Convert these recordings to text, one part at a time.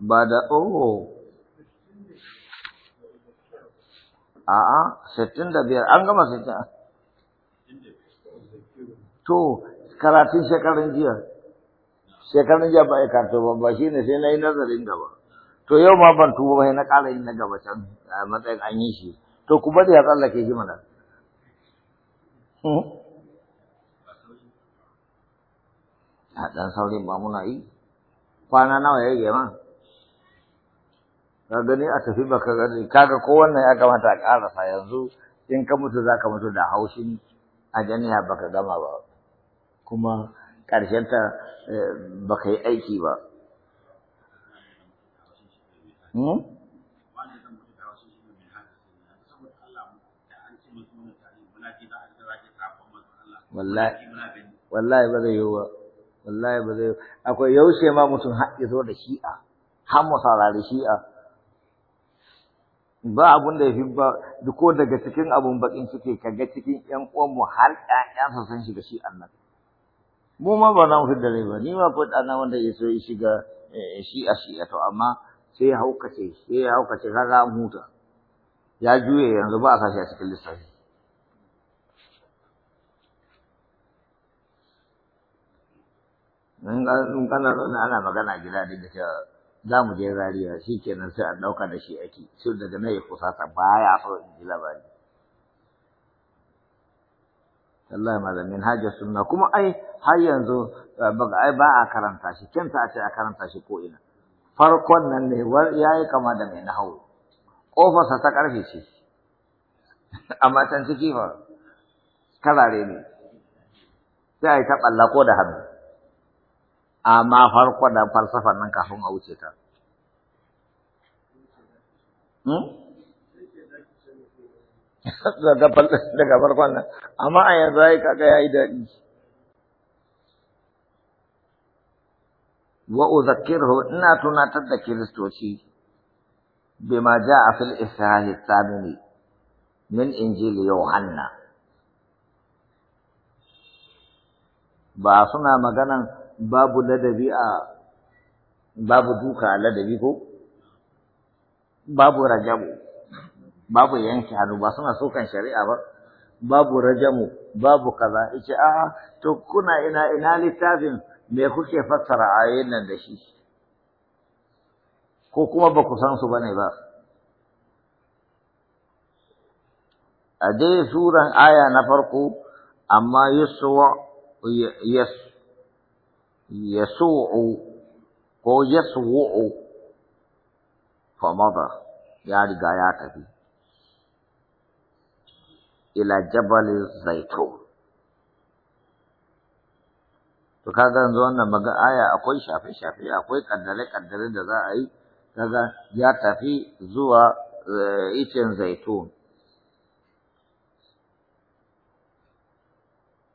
ba da oho a'a sittin da biyar an gama sittin to karatun shekarun jiya shekarun jiya ba a karto ba ba shi ne sai na yi nazarin gaba to yau ma ban tuba ba na ƙara yin na gaba can a matsayin an yi shi to ku bari ya tsallake shi mana hmm? a ɗan saurin ba muna yi kwana nawa ya yi ma ka gani a tafi ba ka gani kaga ko wannan ya kamata a karasa yanzu in ka mutu za ka mutu da haushin ajaniya janiya ba ka gama ba kuma ƙarshenta eh, ba ka yi aiki ba hmm? wallahi ba zai yiwu ba wallahi ba zai yiwu akwai yaushe ma mutum haƙƙi zo da shi'a har mu saurari shi'a ba abun da yafi ba ko daga cikin abun bakin ka kaga cikin ƴan uwan mu har ƴaƴansa sun shiga shi annabi mu ma ba na mu fidda rai ba ni ma fa ɗana wanda ya so ya shiga eh, shi a shi to amma sai ya haukace sai ya ce kaga an ya juye yanzu ba a sashi a cikin lissafi in kana ana magana gida da cewa za mu je rariya shi kenan sai an ɗauka da shi ake sai daga nan ya Ba baya so in ji labari Allah malamin hajjar sunna kuma ai har yanzu ai ba a karanta shi kenta a ce a karanta shi ko ina farkon nan ne ya yi kama da mai nahawu ƙofarsa ta ƙarfe ce amma can ciki fa karare ne sai a yi ta ɓalla ko da hannu amma farko da falsafar nan kafin a wuce ta. Hmm? Daga farkon nan, amma a yanzu ya kaga ya yi daɗi. Wa uzakirhu ina tunatar da Kiristoci bima a fil israhi tsamini min injili Yohanna. Ba suna maganan babu ladabi a babu duka a ladabi ko babu rajamu babu yanke hannu ba suna kan shari'a ba babu rajamu babu kaza yace a to kuna ina ina littafin me kuke fassara ayoyin nan da shi ko kuma ba ku san su bane ba a dai suran aya na farko amma yusuwa yas yasu'u ko yaswu'u famada ya riga ya tafi ila jabalin zaitun to kaga yanzu wannan maga aya akwai shafe-shafe akwai kaddare-kaddare da za a yi kaga ya tafi zuwa eh, icen zaitun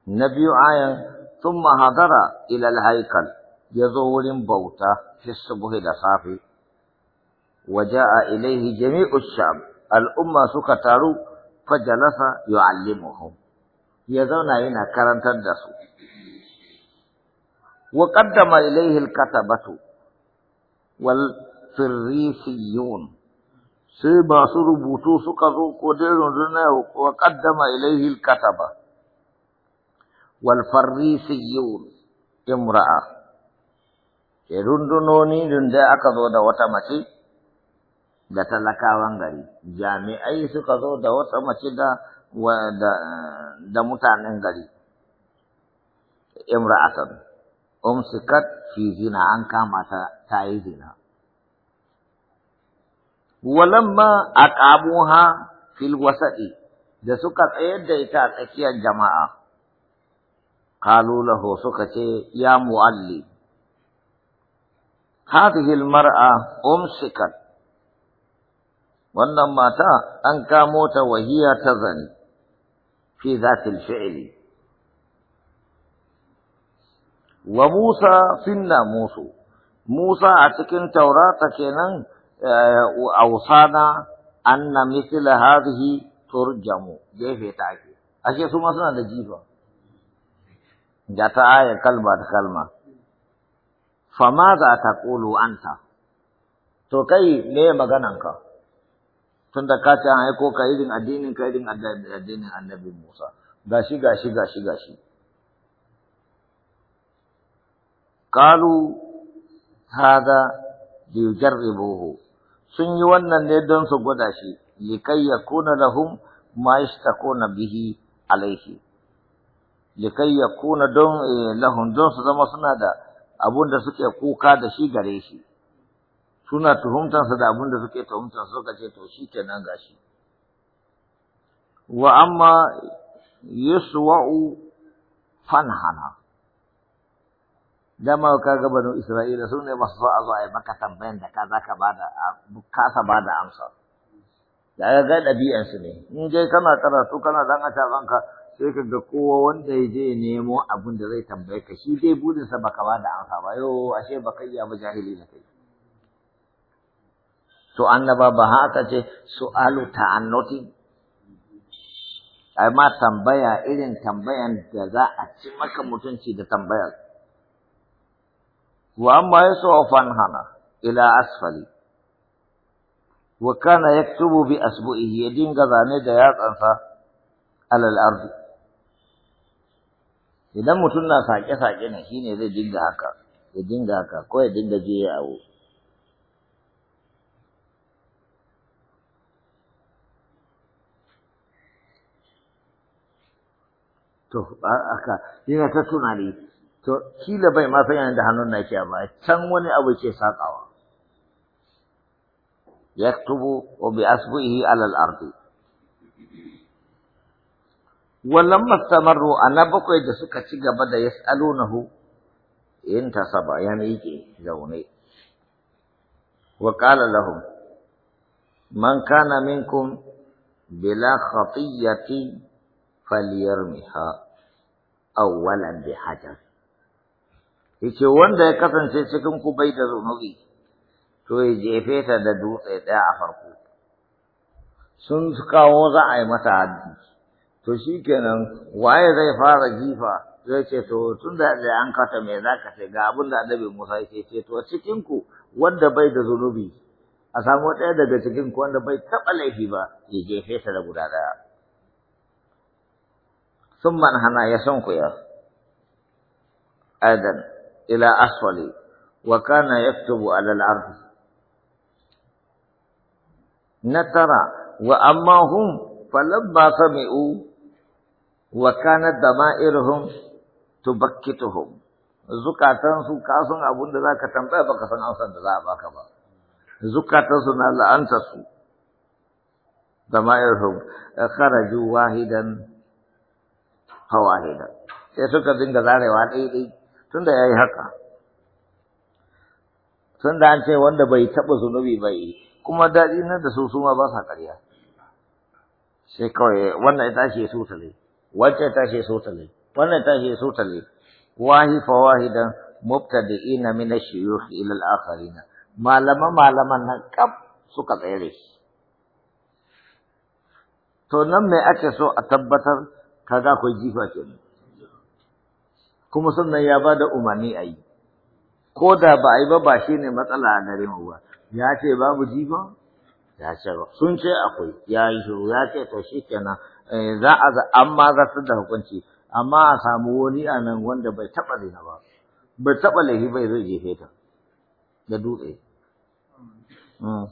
na biyu ayan ثم هدر إلى الهيكل يزور بوتا في الصبح لصافي وجاء إليه جميع الشعب الأمة سكتارو فجلس يعلمهم يزون هنا كرن تدسو وقدم إليه الكتبة والفريسيون سيبا سربوتو سكتو قدير وقدم إليه الكتبة Walfarri والفريسيون امرأة rundunoni da aka zo da wata mace da talakawan gari jami'ai suka zo da wata mace da da mutanen gari imra'atan umsikat fi zina an kama ta ta yi zina walamma aqabuha fil wasa'i da suka tsayar da ita a tsakiyar jama'a قالوا له سكتي يا مؤلي هذه المرأة أمسكت وأن ماتا أنكا موت وهي تظن في ذات الفعل وموسى في الناموس موسى أتكن توراة كينا آه، أوصانا أن مثل هذه ترجم جيفي تاكي أشياء سمسنا نجيبا da ya kalma da kalma fama za ta ƙulu to kai ne magananka tunda ka ce an aiko ka irin addinin ka irin addinin annabi Musa gashi gashi gashi gashi qalu hada liyujarribuhu sun yi wannan ne don su gwada shi likai yakuna lahum ma yashtaquna bihi alaihi likai ya kuna don eh, lahun don su zama suna da abun da suke kuka da shi gare shi suna tuhumtansa da abun da suke tuhumtansa suka ce to shi kenan gashi wa amma yuswa'u fanhana dama ka ga banu isra'ila sune ne ba a zo a yi maka tambayan da ka za ka bada kasa da amsa da ga ɗabi'ansu ne in dai kana karatu kana dan a ka sai ka ga kowa wanda ya je nemo abin da zai tambaye ka shi dai burinsa baka ba da amsa ba yau ashe baka iya ba jahili na kai to annaba ba haka ce su'alu ta'annuti amma tambaya irin tambayan da za a ci maka mutunci da tambayar wa amma yasu fanhana ila asfali wa kana yaktubu bi asbu'ihi ya dinga zane da yatsansa alal ardi idan mutum na saƙe-saƙe ne shine zai dinga haka ya dinga haka ko ya dinga je ya awo to aka yana ta tunani to kila bai ma san yana da hannun na ke ba can wani abu ke saƙawa yaktubu wa bi asbuhi alal ardi ولما استمروا أنا بقي دسوك تيجا بدا يسألونه انتصب يعني يجي زوني وقال لهم من كان منكم بلا خطية فليرمها أولا بحجر yace wanda ya kasance cikin ku bai da zunubi to ya jefe ta da dutse ɗaya a farko sun kawo za a yi mata to shi kenan waye zai fara jifa zai ce to tun da an kata me za ka ga abin da annabi Musa yake ce to cikinku wanda bai da zunubi a samu ɗaya daga cikinku wanda bai taɓa laifi ba ya jefe sa da guda ɗaya sun man hana ya son ku ya adan ila asfali wa kana yaktubu alal al Na tara wa amma hum falabba sami'u wa kanat dama'iruhum tubakkituhum zukatan su ka san abun da zaka tambaya baka san amsar da za a baka ba zukatan su na la'anta su dama'iruhum kharaju wahidan fawahida sai suka dinga zarewa daidai tunda yayi haka tunda an ce wanda bai taba zunubi bai kuma daɗi nan da su ma ba sa ƙarya sai kawai wannan ita ce su wacce ta ta ne wannan ta ta ne wahi fa wahidan mubtadi'ina min ash-shuyukh ila al akharina malama malaman nan kaf suka tsere to nan me ake so a tabbatar kaga akwai jifa ce kuma sannan ya ba da umarni a yi ko da ba a yi ba ba shi ne matsala a gare mu ba ya ce babu jifa ya ce sun ce akwai ya yi shiru ya ce to shi kenan Eh, za a amma zartar da hukunci amma a samu wani a nan wanda bai taɓa zina ba bai taɓa laifi bai zai jefe ta da dutse hmm.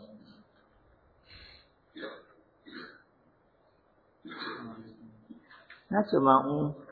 na ce ma mm,